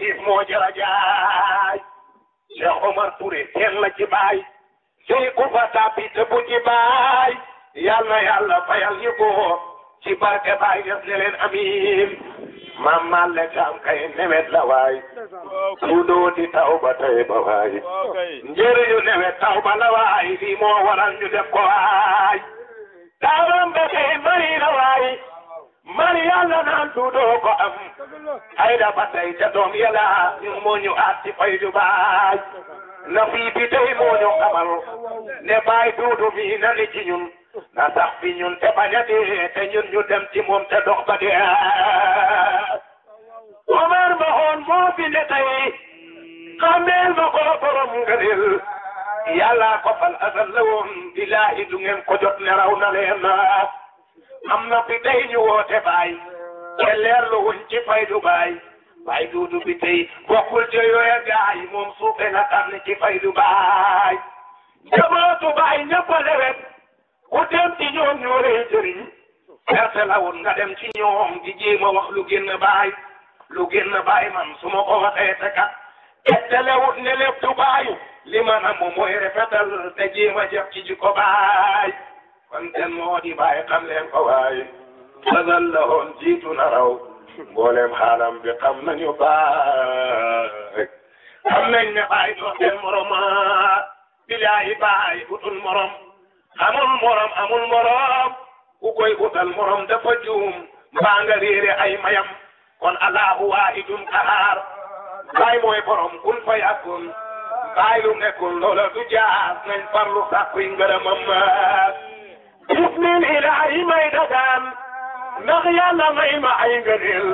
lii moo jara jaay Cheikh Omar Touré kenn la ci baay sey ku fa tàbbi te bu ci baay yal na yàlla fayal ñu ko ci barke baay amiin maam maa lekk am kay newet la waay yu dooti taw ba tey ba waay newet taw ba la lii moo waral ñu def ko waay yàlla naan duudoo ko am ay da ba tey ca doom yàlla moo ñu aat ci na fii bi tey moo ñu xamal ne baay duudu mi na ni ci ñun na sax fi ñun te bañ a dee te ñun ñu dem ci moom te dox ba dee Omar ma xoon moo fi ne tey xameel ma ko borom ngëneel yàlla ko fal asal la woon bilaahi du ngeen ko jot ne raw na leen am na bi tey ñu woote baay te leerlu wuñ ci faydu baay baay duudu bi tey bokkul ca yooya gaay moom suufe na tànn ci faydu baay jamaatu baay ñëpp a lewet ku dem ci ñoom ñoo lay jëriñ perte la woon nga dem ci ñoom di jéem a wax lu génn baay lu génn baay man su ma ko waxee te kat ettale wut ne lépp baayu li ma nam mooy rafetal te jéem a jëf ci jikko baay kon ten moo di bàyyi xam leen ko waaye sadal la woon jiitu na raw mboolem xaalam bi xam nañu baay xam nañ ne baay dootel morom bilaayi baay utul morom amul morom amul utal morom dafa juum mbaa nga réere ay mayam kon allahu waahidun qahaar baay mooy borom kun fa yakun baay lu nekkul loola du jaas nañ farlu sàkkuy ngërëmam jëf min ilaahi may dagaan ndax yàlla may ma ay ngëneel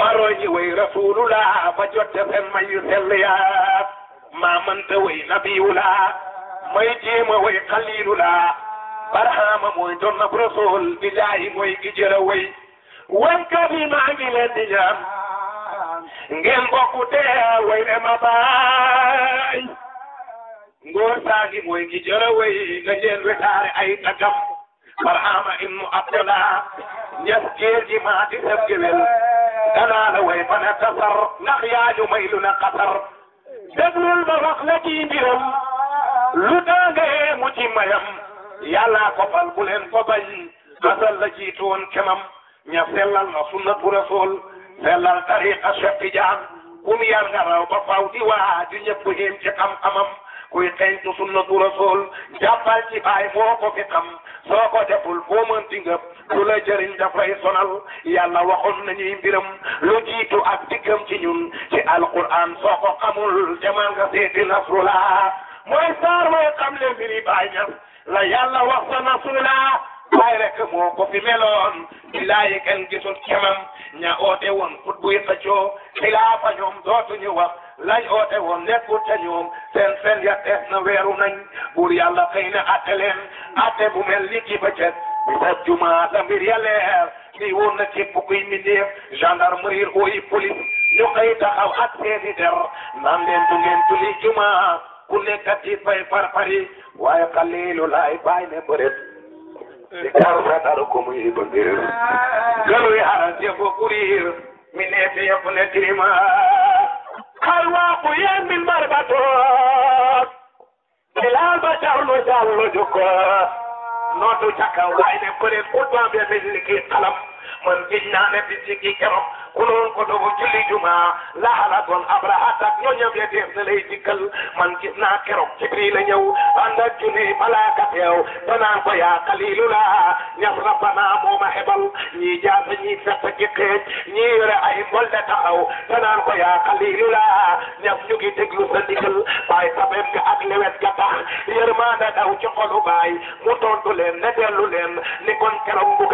maroo ji way rasulullah ba jotte fen may yu sell yaa maa mënta way nabiyullah may jéema way xalilullah barahama mooy doon ab rasul billaahi mooy gi jëra way wankat yi maa ngi leen di ñaan ngeen bokku tee way ne ma baay ngóor saa ngi mooy gi jëra way na ngeen wetaare ay tagam barhama ibnu abdallah ñes géeji maa di def géwél danaa la way mën a tasar ndax yaaju may lu na xasar déglul ma wax la ci mbiram lu daangee mu ci mayam yàllaa ko fal bu leen ko bañ asal la jiitu woon kemam ña sellal na sunnatu rasul sellal tariqa Cheikh Tidiane kum yar nga raw ba faw di waa di ñëpp yéem ci xam-xamam kuy xeeñtu sunnatu rasul jàppal ci baay moo ko fi xam soo ko deful foo mënti ngëp du la jëriñ dafay sonal yàlla waxoon nañuy mbiram lu jiitu ak dikkam ci ñun ci alquran soo ko xamul demal nga seeti nasrullah mooy saar mooy xam le mbiri baay ñas la yàlla wax sa nasrullah baay rek moo ko fi meloon bilaayi kenn gisul kemam ña oote woon fut buy xëccoo xilaafa ñoom dootuñu wax lañ oote woon nekkul ca ñoom seen fen ya tees na weeru nañ buur yàlla xëy na leen atte bu mel ni ki bëccëg bi sa juma sa mbir ya leer lii woon na képp kuy mindeef gendarmerie ooyi police ñu xëy taxaw ak seeni der naan leen du ngeen julli juma ku nekk ci fay parpari waaye xalilu laay bàyyi ne bëret di karu sa daru ko muy bëgg ah. galuy haran jëfo kurir ne fi yëpp الخلوة قيام من مربطوك بلال بشر نجال جكوك nootu ca kaw waaye ne kuréel xutba bi mel ni kii xalam man gis naa ne bis yi ku loon ko dogu julli juma la xalaatoon Abraha tak ñooñam ya def na lay dikkal man gis naa keroog Jibril la ñëw ànd ak junni malaaka teew danaan ko yaa xaliilula ñam rabbana moo ma xebal ñii jaasa ñii fett ki xeej ñii ay mbol de taxaw danaan ko yaa xaliilula ñam ñu ngi déglu sa ndigal baay sabem ga ak lewet ga tax yërmaande daw ci xolu baay mu tontu leen ne dellu leen ni kon keroog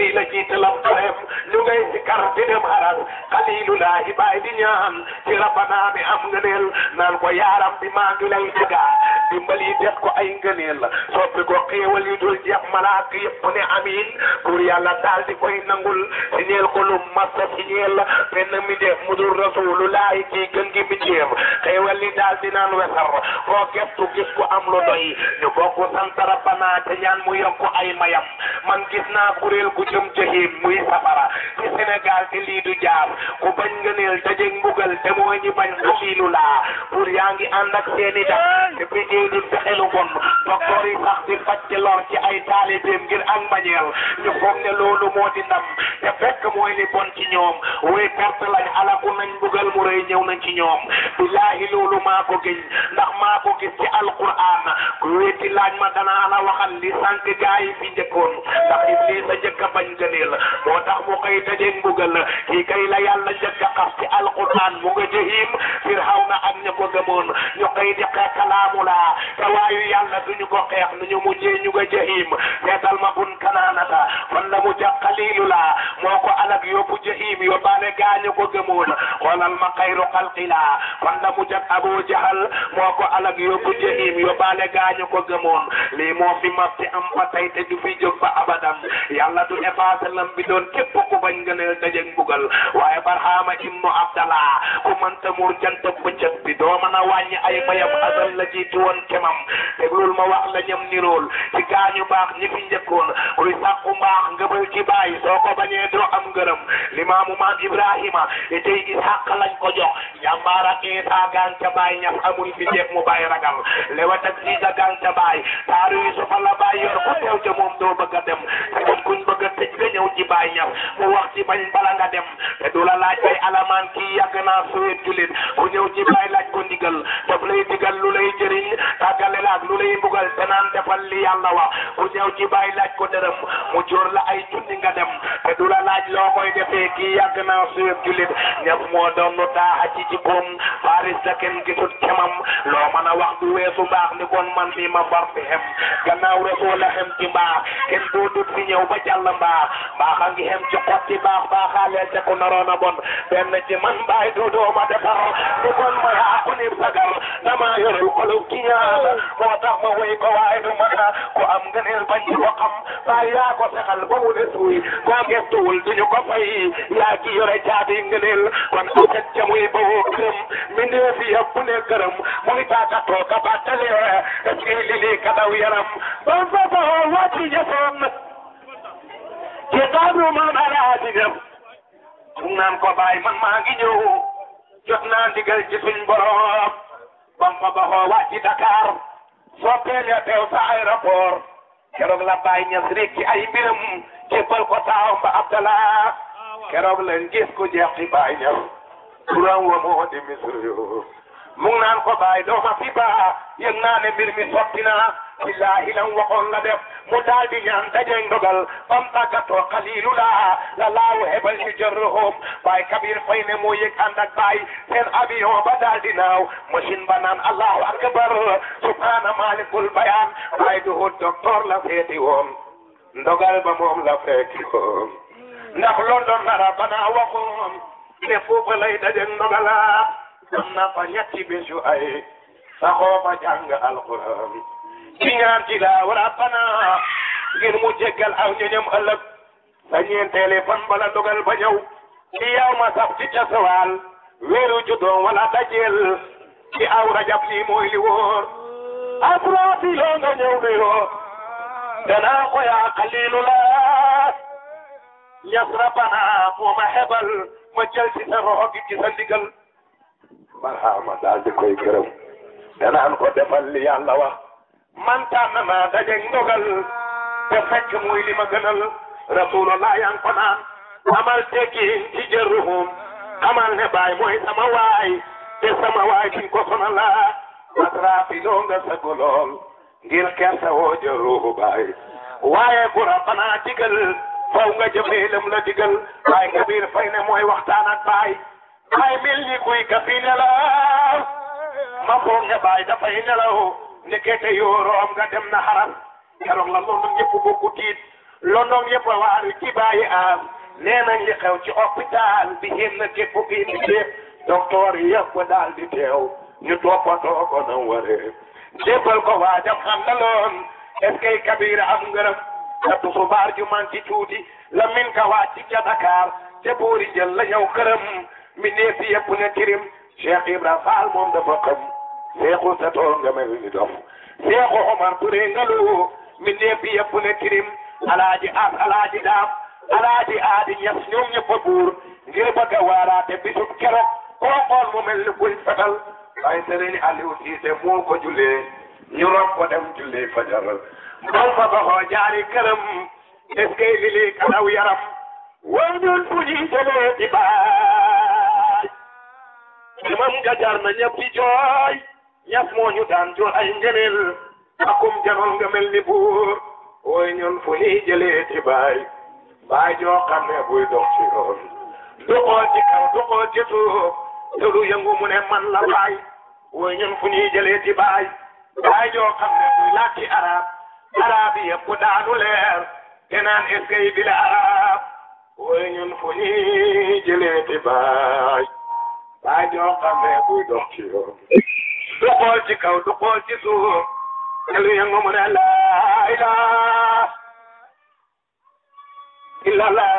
nii la jiitalam poem ñu ngay sikar di dem haras xalilulahi baay di ñaan ci rabbana mi am ngëneel naan ko yaaram bi maa ngi lay tegaa dimbali def ko ay ngëneel soppi ko xéewal yu dul jeex malaaka yëpp ne amin pour yàlla daal di koy nangul si ñeel ko lu massa si ñeel benn mi mu dul rasulullahi kii gën gi mi jéem xéewal daal di naan wesar foo gestu gis ko am lu doy ñu bokk sant rabbana te ñaan mu yokk ay mayam man gis naa kuréel gu mujjum jahim muy safara ci Sénégal te lii du jaar ku bañ ngëneel dajeeg mbugal te moo ñi bañ asiilu laa pour yaa ngi ànd ak seeni daf te pété di fexe lu bon docteur yi sax di faj ci lor ci ay taalibeem ngir ak mbañeel ñu foog ne loolu moo di ndam te fekk mooy li bon ci ñoom way perte lañ alaku nañ mbugal mu rëy ñëw nañ ci ñoom billaahi loolu maa ko gëñ ndax maa ko gis ci alquran ku wéeti laaj ma danaa la waxal li sànq gaa fi njëkkoon ndax a bañ gëneel moo tax mu koy dajeeg mbugal kii kay la yàlla njëkk a xas ci alquran mu nga jahim firawna ak ña ko gëmoon ñu koy njëkk a kalaamu laa te waayu yàlla duñu ko xeex nu ñu mujjee ñu nga jahim seetal ma bun kanaanata kon la mu ca xaliilu moo ko alak yóbbu jahim yóbbaal gaañu ko gëmoo la ma xayru xalqi laa kon na mu jag abu jahal moo ko alag yóbbu jahim yóbbaale gaañu ko gëmoon lii moo fi mas ci am ba tey te du fi jóg ba abadam yàlla du effacé lam bi doon képp ku bañ gënal dajeg mbugal waaye barhama ibnu abdallah ku mënta muur jant bëccëg bi doo mën a ay mayam asal la jiitu woon kemam déglul ma wax la ñam nirool ci gaañu baax ñi fi njëkkoon kuy sàkku mbaax ngëbal ci bàyyi soo ko bañee doo am ngërëm limaamu maam Ibrahima te Ishaq lañ ko jox jàmbaar ak Isa gan ca baay ñaf amul fi def mu baay ragal lewat ak Isa gan ca baay taaru Yusufa la baay yor ku teew ca moom doo bëgg a kuñ bëgg a tëj nga ñëw ci bàyyi ñax mu wax ci bañ bala nga dem te du la laaj ay alamaan kii yàgg naa sowet julit ku ñëw ci bàyyi laaj ko ndigal daf lay digal lu lay jëriñ tàggale la ak lu lay mbugal te naan defal li yàlla wax ku ñëw ci bàyyi laaj ko dërëm mu joor la ay junni nga dem te du la laaj loo koy defee kii yàgg naa sowet julit ñëpp moo doon lu taaxa ci jikkoom Paris la kenn gisul kemam mën a weesu baax ni kon man mi ma far fi xem gannaaw rasul a xem ci mbaax kenn boo dut fi ñëw ba jàll mbaax mbaax a ngi xem ci xotti baax baaxaalee te ku naroon a bon benn ci man mbaay doodoo ma defar ni kon ma yaa ku nib sagal dama yorul xolub ki ñaar moo tax ma woy ko waaye du mën a ko am ngëneel bañ ci ko xam baay ko sexal ba mu ne suuy koo gestuwul duñu ko fay yaa ki yore caabi ngëneel kon aket ca muy ba woo kërëm mi ndee ka toog ka battalee lili ka daw yaram ba mu fa baxoo wàcc jëfoom ci xaanu maam alaaji dem mu naan ko bàyyi man maa ngi ñëw jot naa ndigal ci suñ borom ba mu fa baxoo wàcc Dakar soppeel ya teew sa aéroport keroog la bàyyi ñas rek ci ay mbiram jébbal ko taawam ba Abdallah keroog lañ gis ko jeex ci bàyyi ñas turam wa moo di misri مو نام خدائی ڈگلے بازار باندھان am na fa ñetti bésu ay saxoo fa jàng alquran ci ñaar ci laa war a fanaa ngir mu jéggal aw ñoñam ëllëg sa ñeenteele bala dogal ba ci yow ma sax ci casawaal weeru juddoo wala dajeel ci aw rajab lii mooy li wóor ñëw de danaa ko yaa xaliilu laa ñas rabana moo ma ci sa roxo gi ci sa ndigal barhama daal di koy gërëm danaan ko defal li yàlla wax man tànn naa daje ndogal te fekk muy li ma gënal rasulullah yaa ngi ko naan amal tekkiin ci jërruhum amal ne baay mooy sama waay te sama waay kiñ ko sonala wasraafi loo nga sagu ngir kersa woo jërruhu baay waaye bu rabbanaa digal faw nga jëfee lam la digal waaye nga biir fay ne mooy waxtaan ak ay mel ni kuy kafi nelaw ma foog ne baay dafay nelaw ndekete yooroom nga dem na xaram keroog la loolu ñëpp bokku tiit yëpp a waaru ci bàyyi am nee nañ xew ci hôpital bi yéen na képp kii di jéem docteur yëpp daal di teew ñu toppatoo ko na waree jébbal ko waa dem na loon est kabira am ngërëm te tusubaar ju man ci tuuti la min ka wàcc ca Dakar te boori jël la ñëw këram mi nee si yëpp ne tirim Cheikh Ibra seexu sa too nga mel ni dof seexu Omar Touré ngalu mi nee si yëpp ne tirim alaaji as alaaji daam alaaji aadi ñas ñoom ñëpp a buur ngir bëgg a waaraate bisub keroog koo xool mu mel ni kuñ fetal waaye Sëriñ Aliou Cissé moo ko jullee ñu rob ko dem jullee fajar mbal fa baxoo jaari këram est-ce que lili kalaw yaram wajul fu ñuy jëlee ci baa jëfam nga jar na ñëpp jooy ñëpp moo ñu daan jooy ay ngëneel akum janoon nga mel ni buur ooy ñun fu ñuy jëlee ci baay baay joo xam ne buy dox ci yoon du xool ci kaw du xool ci suuf te lu mu ne man la baay ooy ñun fu ñuy jëlee ci baay baay joo xam ne buy làkki arab arab daanu leer te naan eskay bi la arab ooy ñun fu ñuy jëlee ci baay waa joo xamee buy dox ci yoon du xool ci kaw du xool ci suuf lu yëngu mu ne laa ilaaha illallah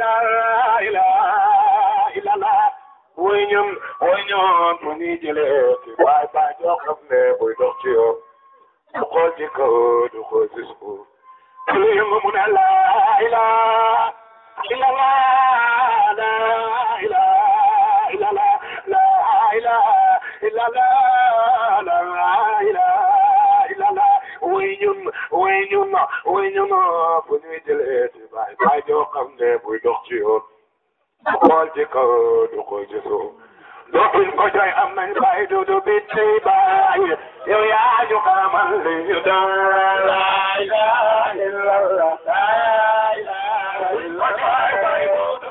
laa ilaaha illallah woy ñoom woy ñoom fu ñuy jëlee ci waay baa joo xam ne buy dox ci yoon du xool ci kaw du xool ci suuf lu yëngu mu ne laa ilaaha illallah way ñu ma way ñu ma fu ñuy jëlee ci baay baay joo xam ne buy dox ci yoon xool ci kaw du ko ci suuf doxin ko jooy am nañ baay dudu li ñu daan la ilaha illallah la ilaha illallah baay dudu